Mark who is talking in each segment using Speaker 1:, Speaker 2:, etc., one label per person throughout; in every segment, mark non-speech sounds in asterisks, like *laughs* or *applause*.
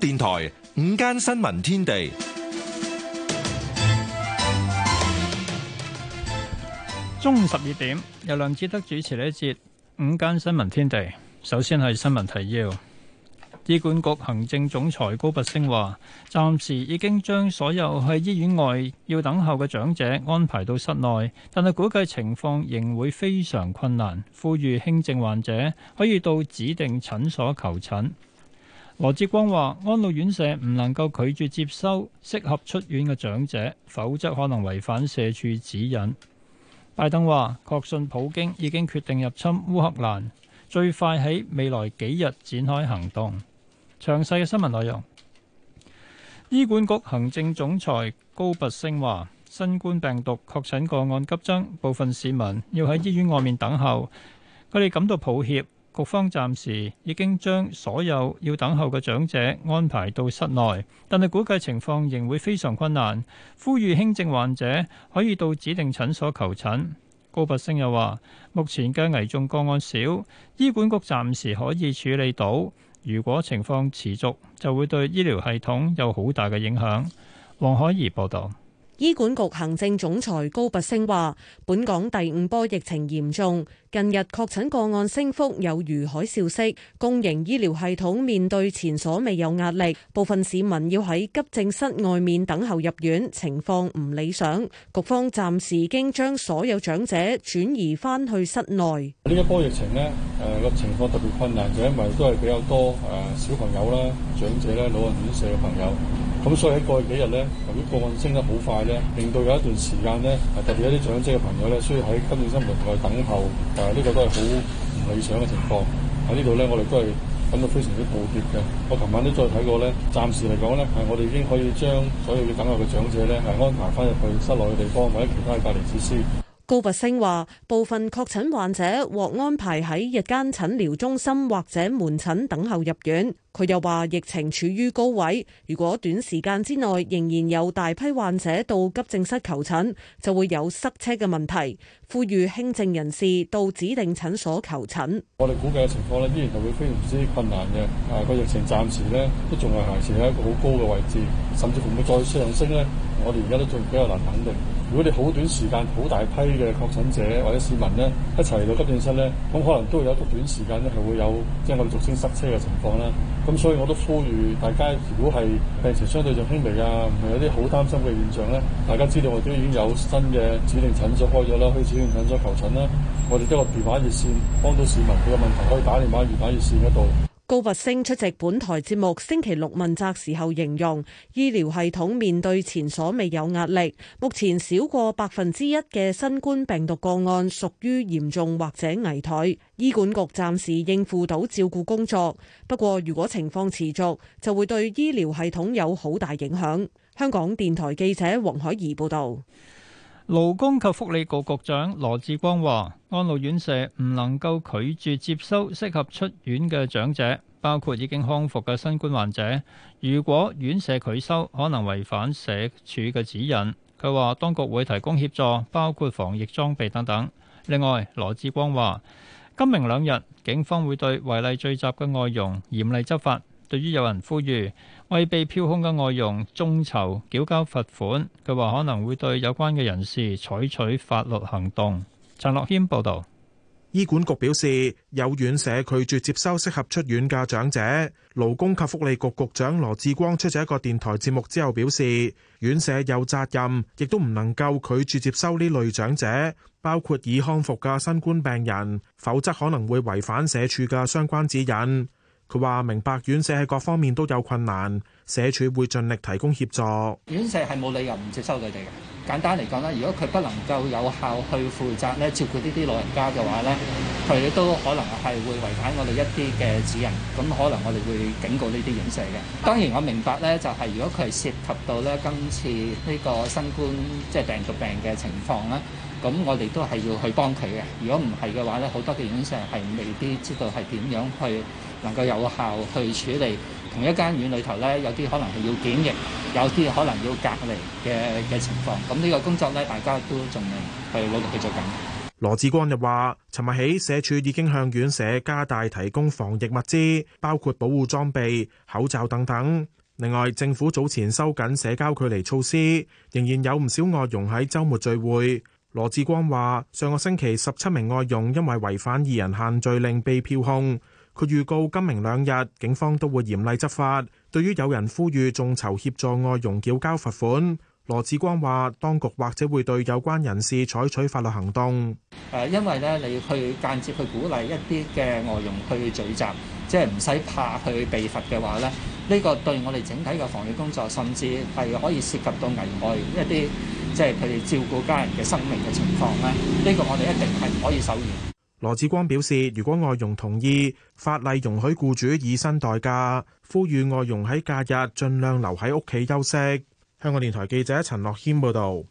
Speaker 1: 電台午間新聞天地
Speaker 2: 中午十二點，由梁志德主持呢一節午間新聞天地。首先係新聞提要，醫管局行政總裁高拔陞話，暫時已經將所有喺醫院外要等候嘅長者安排到室內，但係估計情況仍會非常困難，呼籲輕症患者可以到指定診所求診。羅志光話：安老院舍唔能夠拒絕接收適合出院嘅長者，否則可能違反社署指引。拜登話：確信普京已經決定入侵烏克蘭，最快喺未來幾日展開行動。詳細嘅新聞內容。醫管局行政總裁高拔升話：新冠病毒確診個案急增，部分市民要喺醫院外面等候，佢哋感到抱歉。局方暫時已經將所有要等候嘅長者安排到室內，但係估計情況仍會非常困難，呼籲輕症患者可以到指定診所求診。高拔昇又話：目前嘅危重個案少，醫管局暫時可以處理到，如果情況持續，就會對醫療系統有好大嘅影響。王海怡報導。
Speaker 3: 醫管局行政總裁高拔升話，本港第五波疫情嚴重，近日確診個案升幅有如海嘯式，公營醫療系統面對前所未有的壓力，部分市民要喺急症室外面等候入院，情況唔理想。局方暫時已經將所有長者轉移翻去室內。呢一波疫
Speaker 4: 情呢，誒、呃、個情況特別困難，就因為都係比較多誒、呃、小朋友啦、長者啦、老人院舍嘅朋友。咁、嗯、所以喺過去幾日咧，由於個案升得好快咧，令到有一段時間咧，特別一啲長者嘅朋友咧，需要喺急症室門外等候，但係呢個都係好唔理想嘅情況。喺、啊這個、呢度咧，我哋都係感到非常之抱歉嘅。我琴晚都再睇過咧，暫時嚟講咧，係我哋已經可以將所有要等候嘅長者咧，係安排翻入去室內嘅地方或者其他嘅隔離設施。
Speaker 3: 高拔陞話：部分確診患者獲安排喺日間診療中心或者門診等候入院。佢又話：疫情處於高位，如果短時間之內仍然有大批患者到急症室求診，就會有塞車嘅問題。呼籲輕症人士到指定診所求診。
Speaker 4: 我哋估計嘅情況呢，依然係會非常之困難嘅。啊，個疫情暫時呢，都仲係維持喺一個好高嘅位置，甚至乎會，會再上升呢？我哋而家都仲比較難肯定。如果你好短時間、好大批嘅確診者或者市民咧，一齊嚟到急症室咧，咁可能都會有一個短時間咧係會有即係、就是、我哋俗稱塞車嘅情況啦。咁所以我都呼籲大家，如果係病情相對仲輕微啊，唔係有啲好擔心嘅現象咧，大家知道我哋已經有新嘅指定診所開咗啦，去以指定診所求診啦。我哋一個電話熱線幫到市民佢嘅問題，可以打電
Speaker 3: 話熱線嗰度。高拔陞出席本台節目星期六問責時候形容，醫療系統面對前所未有壓力。目前少過百分之一嘅新冠病毒個案屬於嚴重或者危殆，醫管局暫時應付到照顧工作。不過如果情況持續，就會對醫療系統有好大影響。香港電台記者黃海怡報道。勞工及福利
Speaker 2: 局局長羅志光話：安老院舍唔能夠拒絕接收適合出院嘅長者，包括已經康復嘅新冠患者。如果院舍拒收，可能違反社署嘅指引。佢話當局會提供協助，包括防疫裝備等等。另外，羅志光話今明兩日警方會對違例聚集嘅外傭嚴厲執法。對於有人呼籲為被票控嘅外傭眾籌繳交罰款，佢話可能會對有關嘅人士採取法
Speaker 5: 律行動。陳樂謙報導。醫管局表示，有院舍拒絕接收適合出院嘅長者。勞工及福利局局，局長羅致光出席一個電台節目之後表示，院舍有責任，亦都唔能夠拒絕接收呢類長者，包括已康復嘅新冠病人，否則可能會違反社署嘅相關指引。佢話：明白院舍喺各方面都有困難，社署會盡力提供協助。
Speaker 6: 院舍係冇理由唔接收佢哋嘅。簡單嚟講咧，如果佢不能夠有效去負責咧照顧呢啲老人家嘅話咧，佢都可能係會違反我哋一啲嘅指引。咁可能我哋會警告呢啲院舍嘅。當然我明白咧，就係如果佢係涉及到咧今次呢個新冠即係病毒病嘅情況啦，咁我哋都係要去幫佢嘅。如果唔係嘅話咧，好多嘅院舍係未必知道係點樣去。能夠有效去處理同一間院裏頭呢，有啲可能係要檢疫，有啲可能要隔離嘅嘅情況。咁呢個工作呢，大家都仲係努力去做緊。
Speaker 5: 羅致光又話，尋日起，社署已經向院社加大提供防疫物資，包括保護裝備、口罩等等。另外，政府早前收緊社交距離措施，仍然有唔少外傭喺週末聚會。羅致光話，上個星期十七名外傭因為違反二人限聚令被票控。佢預告今明兩日，警方都會嚴厲執法。對於有人呼籲眾籌協助外傭繳交罰款，羅致光話：當局或者會對有關人士採取法律行動。
Speaker 6: 誒，因為咧，你去間接去鼓勵一啲嘅外傭去聚集，即係唔使怕去被罰嘅話咧，呢個對我哋整體嘅防疫工作，甚至係可以涉及到危害一啲即係佢哋照顧家人嘅生命嘅情況咧，呢個我哋一定係唔可以手軟。
Speaker 5: 羅致光表示，如果外傭同意，法例容許僱主以薪代假，呼籲外傭喺假日盡量留喺屋企休息。香港電台記者陳樂謙報道。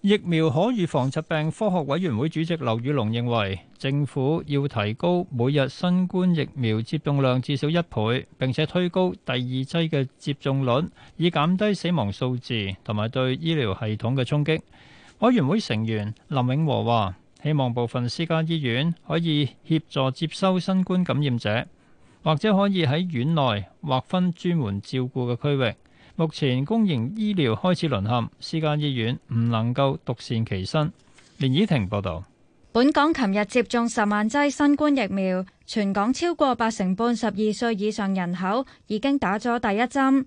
Speaker 5: 疫苗可預防疾
Speaker 2: 病科學委員會主席劉宇隆認為，政府要提高每日新冠疫苗接種量至少一倍，並且推高第二劑嘅接種率，以減低死亡數字同埋對醫療系統嘅衝擊。委員會成員林永和話。希望部分私家醫院可以協助接收新冠感染者，或者可以喺院內劃分專門照顧嘅區域。目前公營醫療開始淪陷，私家醫院唔能夠獨善其身。連以婷報道，
Speaker 7: 本港琴日接種十萬劑新冠疫苗，全港超過八成半十二歲以上人口已經打咗第一針。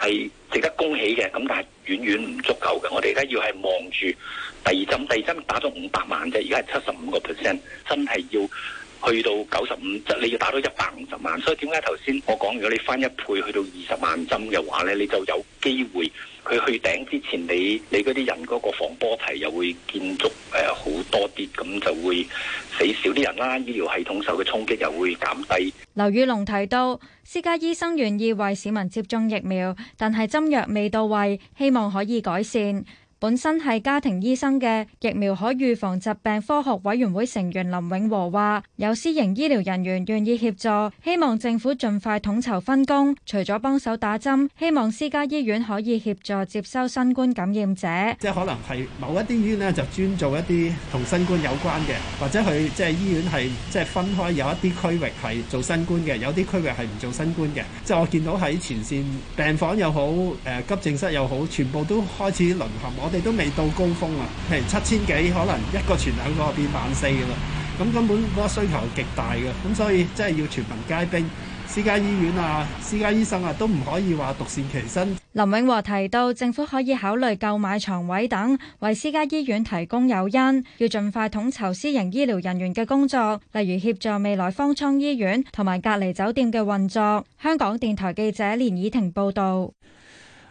Speaker 6: 係值得恭喜嘅，咁但係遠遠唔足夠嘅。我哋而家要係望住第二針，第二針打咗五百萬啫，而家係七十五個 percent，真係要。去到九十五，你要打到一百五十萬，所以點解頭先我講，如果你翻一倍去到二十萬針嘅話咧，你就有機會佢去頂之前，你你嗰啲人嗰個防波堤又會建築誒好多啲，咁就會死少啲人啦。醫療系統受嘅衝擊又會減低。
Speaker 7: 劉宇龍提到，私家醫生願意為市民接種疫苗，但係針藥未到位，希望可以改善。本身係家庭醫生嘅疫苗可預防疾病科學委員會成員林永和話：有私營醫療人員願意協助，希望政府盡快統籌分工。除咗幫手打針，希望私家醫院可以協助接收新冠感染者。即係可能
Speaker 6: 係某一啲醫院呢，就專做一啲同新冠有關嘅，或者佢即係醫院係即係分開有一啲區域係做新冠嘅，有啲區域係唔做新冠嘅。即係我見到喺前線病房又好，誒急症室又好，全部都開始淪陷。我哋都未到高峰啊，譬如七千幾可能一個全港嗰個變萬四噶啦，咁根本嗰個需求極大嘅，咁所以真係要全民皆兵，私家醫院啊、私家醫生啊都唔可以話獨善其身。
Speaker 7: 林永和提到，政府可以考慮購買床位等，為私家醫院提供誘因，要盡快統籌私營醫療人員嘅工作，例如協助未來方艙醫院同埋隔離酒店嘅運作。香港電台記者連倚婷報道。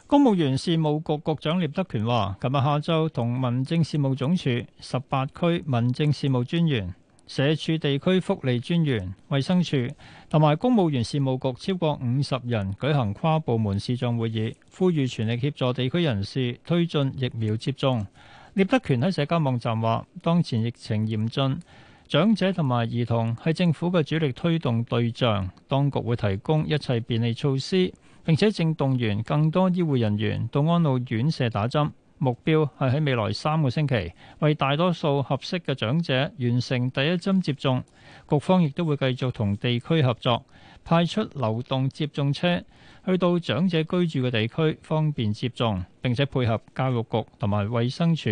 Speaker 2: 公務員事務局局長聶德權話，琴日下晝同民政事務總署、十八區民政事務專員、社署地區福利專員、衛生署同埋公務員事務局超過五十人舉行跨部門視像會議，呼籲全力協助地區人士推進疫苗接種。聶德權喺社交網站話，當前疫情嚴峻，長者同埋兒童係政府嘅主力推動對象，當局會提供一切便利措施。並且正動員更多醫護人員到安老院舍打針，目標係喺未來三個星期為大多數合適嘅長者完成第一針接種。局方亦都會繼續同地區合作，派出流動接種車去到長者居住嘅地區，方便接種。並且配合教育局同埋衛生署，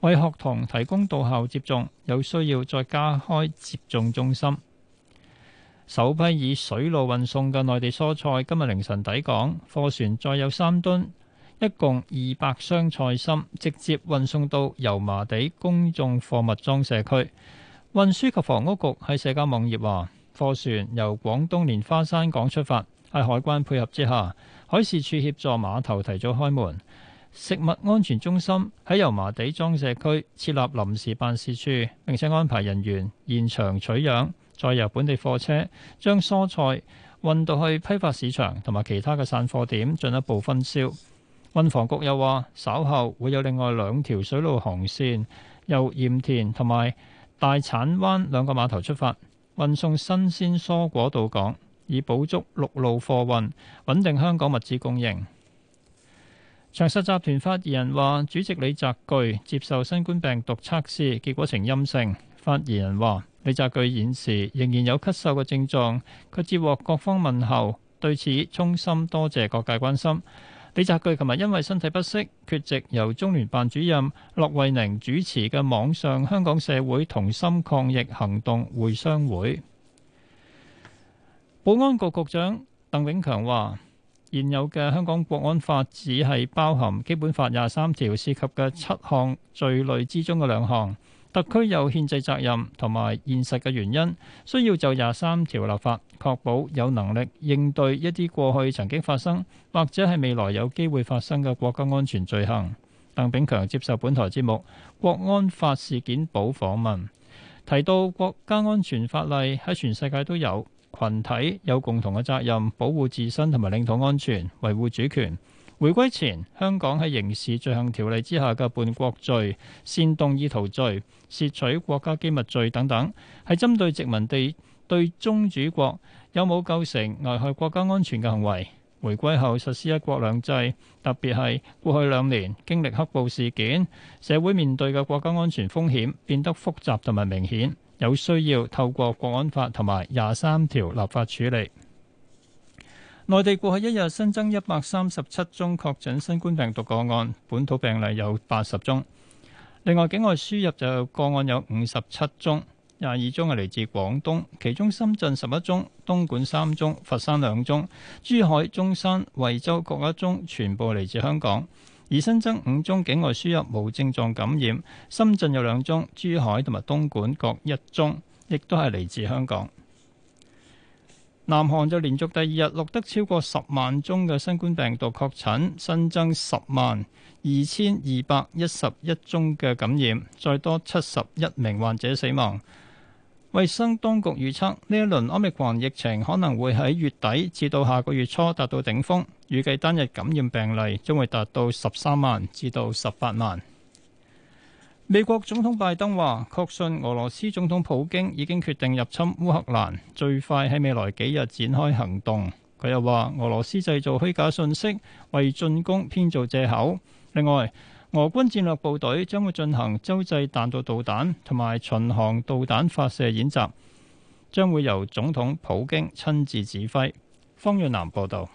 Speaker 2: 為學童提供到校接種，有需要再加開接種中心。首批以水路運送嘅內地蔬菜今日凌晨抵港，貨船載有三噸，一共二百箱菜心，直接運送到油麻地公眾貨物裝卸區。運輸及房屋局喺社交網頁話，貨船由廣東蓮花山港出發，喺海關配合之下，海事處協助碼頭提早開門，食物安全中心喺油麻地裝卸區設立臨時辦事處，並且安排人員現場取樣。再由本地貨車將蔬菜運到去批發市場同埋其他嘅散貨點進一步分銷。運房局又話，稍後會有另外兩條水路航線由鹽田同埋大鏟灣兩個碼頭出發，運送新鮮蔬果到港，以補足陸路貨運，穩定香港物資供應。長實集團發言人話：主席李澤鉅接受新冠病毒測試，結果呈陰性。發言人話：李澤钜現時仍然有咳嗽嘅症狀，佢接獲各方問候，對此衷心多謝各界關心。李澤钜琴日因為身體不適缺席由中聯辦主任駱惠寧主持嘅網上香港社會同心抗疫行動會商會。保安局局長鄧永強話：現有嘅香港國安法只係包含基本法廿三條涉及嘅七項罪類之中嘅兩項。特區有憲制責任同埋現實嘅原因，需要就廿三條立法，確保有能力應對一啲過去曾經發生或者係未來有機會發生嘅國家安全罪行。鄧炳強接受本台節目《國安法事件簿》訪問，提到國家安全法例喺全世界都有，群體有共同嘅責任保護自身同埋領土安全，維護主權。回歸前，香港喺刑事罪行條例之下嘅叛國罪、煽動意圖罪、竊取國家機密罪等等，係針對殖民地對宗主國有冇構成危害國家安全嘅行為。回歸後實施一國兩制，特別係過去兩年經歷黑暴事件，社會面對嘅國家安全風險變得複雜同埋明顯，有需要透過國安法同埋廿三條立法處理。內地過去一日新增一百三十七宗確診新冠病毒個案，本土病例有八十宗。另外境外輸入就有個案有五十七宗，廿二宗係嚟自廣東，其中深圳十一宗、東莞三宗、佛山兩宗、珠海、中山、惠州各一宗，全部嚟自香港。而新增五宗境外輸入無症狀感染，深圳有兩宗，珠海同埋東莞各一宗，亦都係嚟自香港。南韓就連續第二日錄得超過十萬宗嘅新冠病毒確診，新增十萬二千二百一十一宗嘅感染，再多七十一名患者死亡。衛生當局預測呢一輪奧密克戎疫情可能會喺月底至到下個月初達到頂峰，預計單日感染病例將會達到十三萬至到十八萬。美國總統拜登話，確信俄羅斯總統普京已經決定入侵烏克蘭，最快喺未來幾日展開行動。佢又話，俄羅斯製造虛假信息，為進攻編造借口。另外，俄軍戰略部隊將會進行洲際彈道導彈同埋巡航導彈發射演習，將會由總統普京親自指揮。
Speaker 1: 方潤南報道。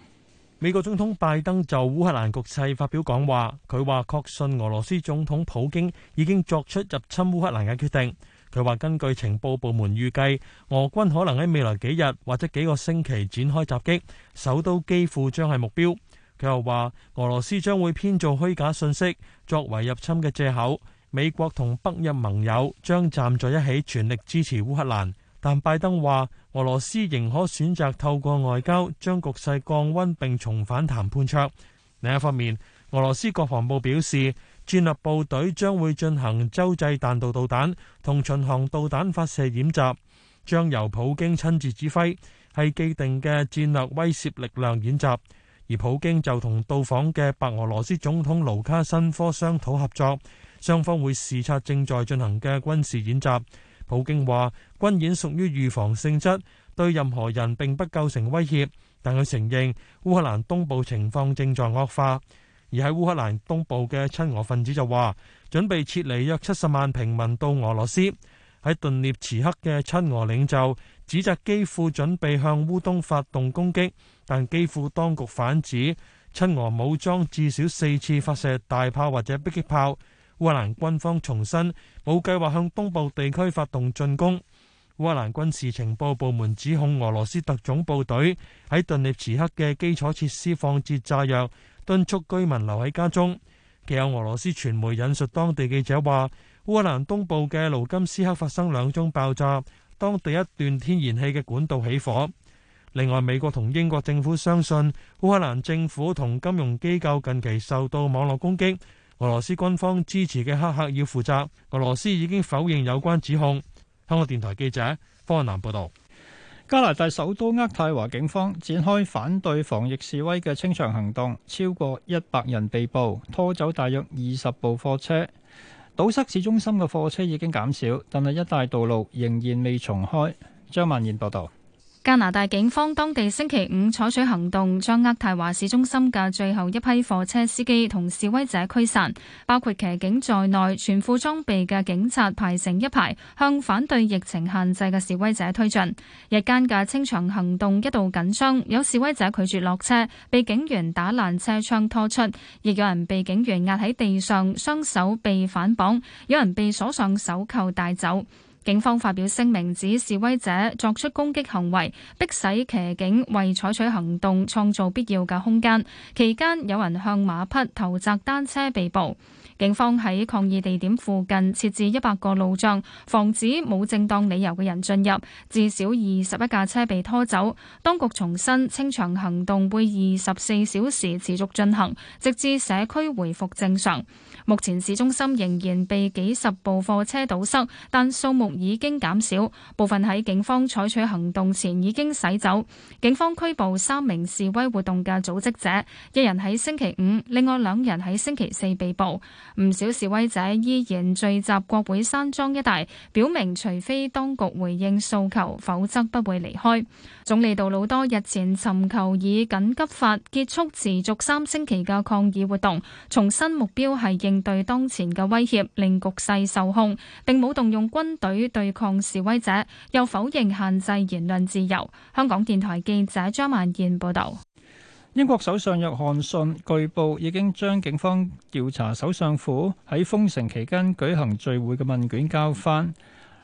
Speaker 1: 美國總統拜登就烏克蘭局勢發表講話，佢話確信俄羅斯總統普京已經作出入侵烏克蘭嘅決定。佢話根據情報部門預計，俄軍可能喺未來幾日或者幾個星期展開襲擊，首都基輔將係目標。佢又話俄羅斯將會編造虛假信息，作為入侵嘅借口。美國同北約盟友將站在一起，全力支持烏克蘭，但拜登話。俄羅斯仍可選擇透過外交將局勢降溫並重返談判桌。另一方面，俄羅斯國防部表示，戰略部隊將會進行洲際彈道導彈同巡航導彈發射演習，將由普京親自指揮，係既定嘅戰略威懾力量演習。而普京就同到訪嘅白俄羅斯總統盧卡申科商討合作，雙方會視察正在進行嘅軍事演習。普京話軍演屬於預防性質，對任何人並不構成威脅。但佢承認烏克蘭東部情況正在惡化。而喺烏克蘭東部嘅親俄分子就話準備撤離約七十萬平民到俄羅斯。喺頓涅茨克嘅親俄領袖指責基輔準備向烏東發動攻擊，但基輔當局反指親俄武裝至少四次發射大炮或者迫擊炮。烏克蘭軍方重申冇計劃向東部地區發動進攻。烏克蘭軍事情報部門指控俄羅斯特種部隊喺頓涅茨克嘅基礎設施放置炸藥，敦促居民留喺家中。既有俄羅斯傳媒引述當地記者話，烏克蘭東部嘅盧金斯克發生兩宗爆炸，當地一段天然氣嘅管道起火。另外，美國同英國政府相信烏克蘭政府同金融機構近期受到網絡攻擊。俄羅斯軍方支持嘅黑客要負責，俄羅斯已經否認有關指控。香港電台記者方翰南報道。
Speaker 2: 加拿大首都渥太華警方展開反對防疫示威嘅清場行動，超過一百人被捕，拖走大約二十部貨車。堵塞市中心嘅貨車已經減少，但係一帶道路仍然未重開。張曼燕報道。
Speaker 8: 加拿大警方當地星期五採取行動，將渥太華市中心嘅最後一批貨車司機同示威者驅散。包括騎警在內，全副裝備嘅警察排成一排，向反對疫情限制嘅示威者推進。日間嘅清場行動一度緊張，有示威者拒絕落車，被警員打爛車窗拖出；亦有人被警員壓喺地上，雙手被反綁，有人被鎖上手扣帶走。警方發表聲明指示威者作出攻擊行為，迫使騎警為採取行動創造必要嘅空間。期間有人向馬匹投擲單車被捕。警方喺抗議地點附近設置一百個路障，防止冇正當理由嘅人進入。至少二十一架車被拖走。當局重申，清場行動會二十四小時持續進行，直至社區回復正常。目前市中心仍然被幾十部貨車堵塞，但數目已經減少，部分喺警方採取行動前已經駛走。警方拘捕三名示威活動嘅組織者，一人喺星期五，另外兩人喺星期四被捕。唔少示威者依然聚集國會山莊一帶，表明除非當局回應訴求，否則不會離開。總理杜魯多日前尋求以緊急法結束持續三星期嘅抗議活動，重新目標係認應對當前嘅威脅，令局勢受控，並冇動用軍隊對抗示威者，又否認限制言論自由。香港電台記者張曼燕報道。
Speaker 2: 英國首相約翰遜據,據,據報已經將警方調查首相府喺封城期間舉行聚會嘅問卷交返。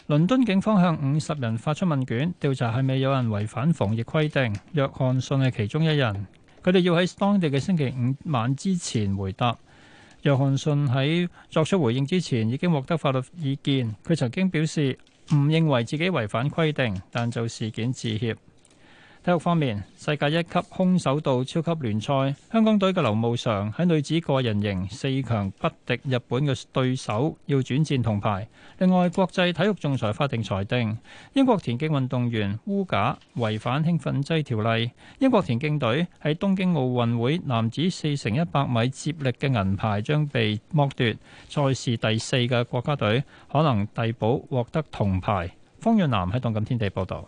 Speaker 2: 倫敦警方向五十人發出問卷，調查係咪有人違反防疫規定。約翰遜係其中一人，佢哋要喺當地嘅星期五晚之前回答。約翰遜喺作出回應之前，已經獲得法律意見。佢曾經表示唔認為自己違反規定，但就事件致歉。體育方面，世界一級空手道超級聯賽，香港隊嘅劉慕裳喺女子個人型四強不敵日本嘅對手，要轉戰銅牌。另外，國際體育仲裁法庭裁定，英國田徑運動員烏賈違反興奮劑條例，英國田徑隊喺東京奧運會男子四乘一百米接力嘅銀牌將被剝奪，賽事第四嘅國家隊可能遞補獲得銅牌。方潤南喺動感天地報道。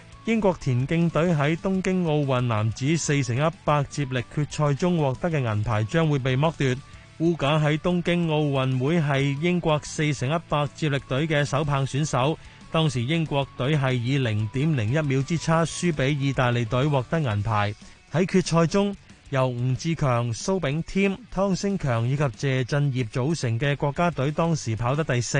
Speaker 1: 英國田徑隊喺東京奧運男子四乘一百接力決賽中獲得嘅銀牌將會被剝奪。烏賈喺東京奧運會係英國四乘一百接力隊嘅首棒選手，當時英國隊係以零點零一秒之差輸俾意大利隊獲得銀牌。喺決賽中，由吳智強、蘇炳添、湯星強以及謝震業組成嘅國家隊當時跑得第四。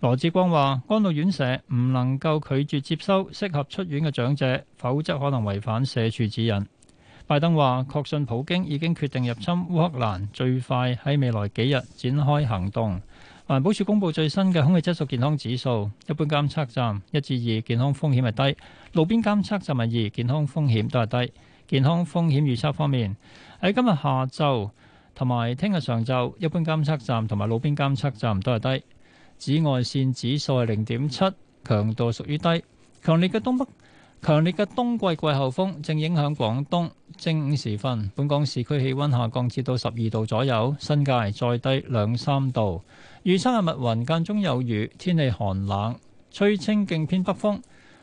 Speaker 2: 羅志光話：安老院舍唔能夠拒絕接收適合出院嘅長者，否則可能違反社署指引。拜登話：確信普京已經決定入侵烏克蘭，最快喺未來幾日展開行動。環保署公布最新嘅空氣質素健康指數，一般監測站一至二，2，健康風險係低；路邊監測站係二，健康風險都係低。健康風險預測方面，喺今日下晝同埋聽日上晝，一般監測站同埋路邊監測站都係低。紫外線指數係零點七，強度屬於低。強烈嘅東北、強烈嘅冬季季候風正影響廣東。正午時分，本港市區氣温下降至到十二度左右，新界再低兩三度。預測係密雲間中有雨，天氣寒冷，吹清勁偏北風。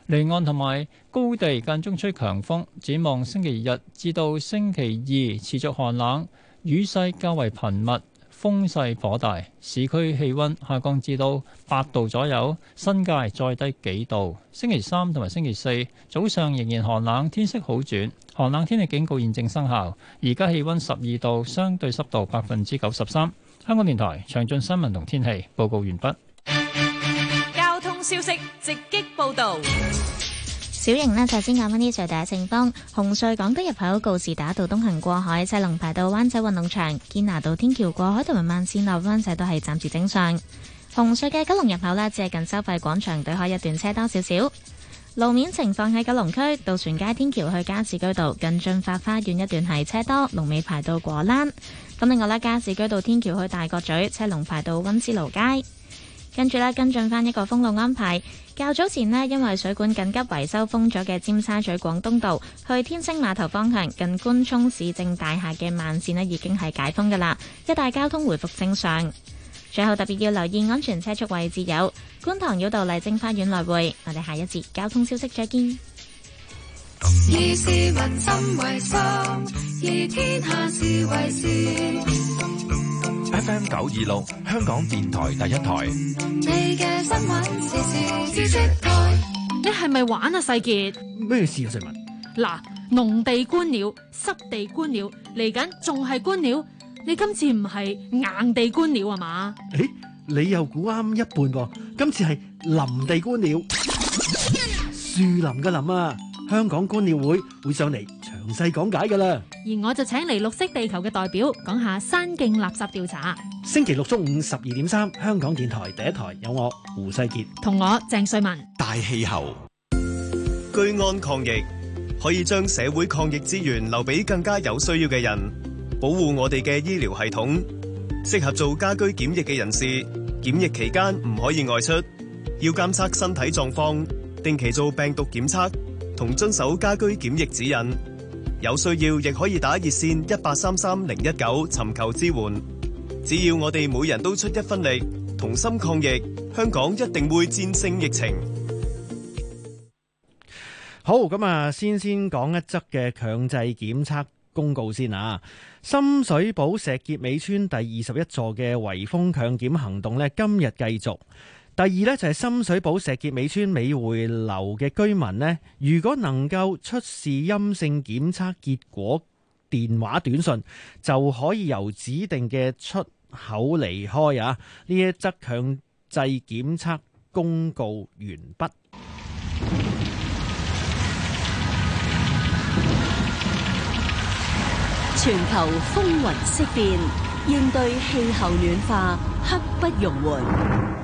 Speaker 2: 離岸同埋高地間中吹強風。展望星期日至到星期二持續寒冷，雨勢較為頻密。風勢頗大，市區氣溫下降至到八度左右，新界再低幾度。星期三同埋星期四早上仍然寒冷，天色好轉，寒冷天氣警告現正生效。而家氣溫十二度，相對濕度百分之九十三。香港電台詳盡新聞同天氣報告完畢。
Speaker 9: 交通消息直擊報道。小型呢，就先講翻啲最大情況，紅隧港島入口告士打道東行過海，車龍排到灣仔運動場，堅拿道天橋過海同埋慢線入灣仔都係暫時正常。紅隧嘅九龍入口呢，只係近收費廣場對開一段車多少少，路面情況喺九龍區，渡船街天橋去加士居道近駿發花園一段係車多，龍尾排到果欄。咁另外呢，加士居道天橋去大角咀，車龍排到溫思勞街。跟住咧，跟進翻一個封路安排。較早前呢，因為水管緊急維修封咗嘅尖沙咀廣東道去天星碼頭方向，近官涌市政大廈嘅慢線呢，已經係解封噶啦，一帶交通回復正常。最後，特別要留意安全車速位置有觀塘繞道麗晶花園來回。我哋下一節交通消息再見。
Speaker 7: 以
Speaker 1: FM 九二六，香港電台第一台。
Speaker 9: 你嘅新你係咪玩啊，世杰？
Speaker 1: 咩事啊，細文？
Speaker 9: 嗱，農地觀鳥、濕地觀鳥，嚟緊仲係觀鳥？你今次唔係硬地觀鳥啊嘛？
Speaker 1: 誒、欸，你又估啱一半噃、啊？今次係林地觀鳥，樹 *laughs* 林嘅林啊！香港觀鳥會會上嚟。唔使講解噶啦，
Speaker 9: 而我就請嚟綠色地球嘅代表講下山徑垃圾調查。
Speaker 1: 星期六中午十二點三，香港電台第一台有我胡世杰，
Speaker 9: 同我鄭瑞文。
Speaker 1: 大氣
Speaker 2: 候居安抗疫，可以將社會抗疫資源留俾更加有需要嘅人，保護我哋嘅醫療系統。適合做家居檢疫嘅人士，檢疫期間唔可以外出，要監測身體狀況，定期做病毒檢測，同遵守家居檢疫指引。有需要，亦可以打熱線一八三三零一九尋求支援。只要我哋每人都
Speaker 1: 出一分力，同心抗疫，香港一定會戰勝疫情。好，咁啊，先先講一則嘅強制檢測公告先啊。深水埗石硖尾村第二十一座嘅圍封強檢行動呢，今日繼續。第二呢，就係深水埗石硤尾邨美匯樓嘅居民呢，如果能夠出示陰性檢測結果電話短信，就可以由指定嘅出口離開啊。呢一則強制檢測公告完畢。
Speaker 9: 全球風雲色變，應對氣候暖化，刻不容緩。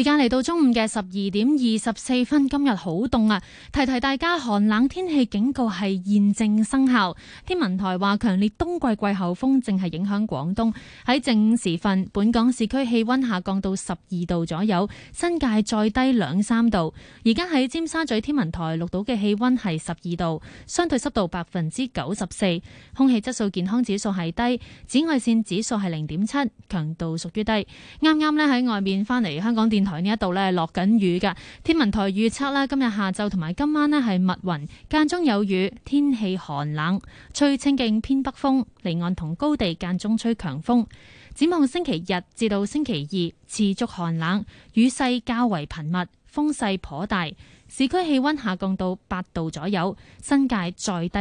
Speaker 9: 時間嚟到中午嘅十二點二十四分，今日好凍啊！提提大家，寒冷天氣警告係現正生效。天文台話，強烈冬季季候風正係影響廣東。喺正午時分，本港市區氣溫下降到十二度左右，新界再低兩三度。而家喺尖沙咀天文台錄到嘅氣溫係十二度，相對濕度百分之九十四，空氣質素健康指數係低，紫外線指數係零點七，強度屬於低。啱啱呢，喺外面翻嚟，香港電。台呢一度咧係落緊雨嘅，天文台預測咧，今日下晝同埋今晚咧係密雲間中有雨，天氣寒冷，吹清勁偏北風，離岸同高地間中吹強風。展望星期日至到星期二持續寒冷，雨勢較為頻密，風勢頗大，市區氣溫下降到八度左右，新界再低。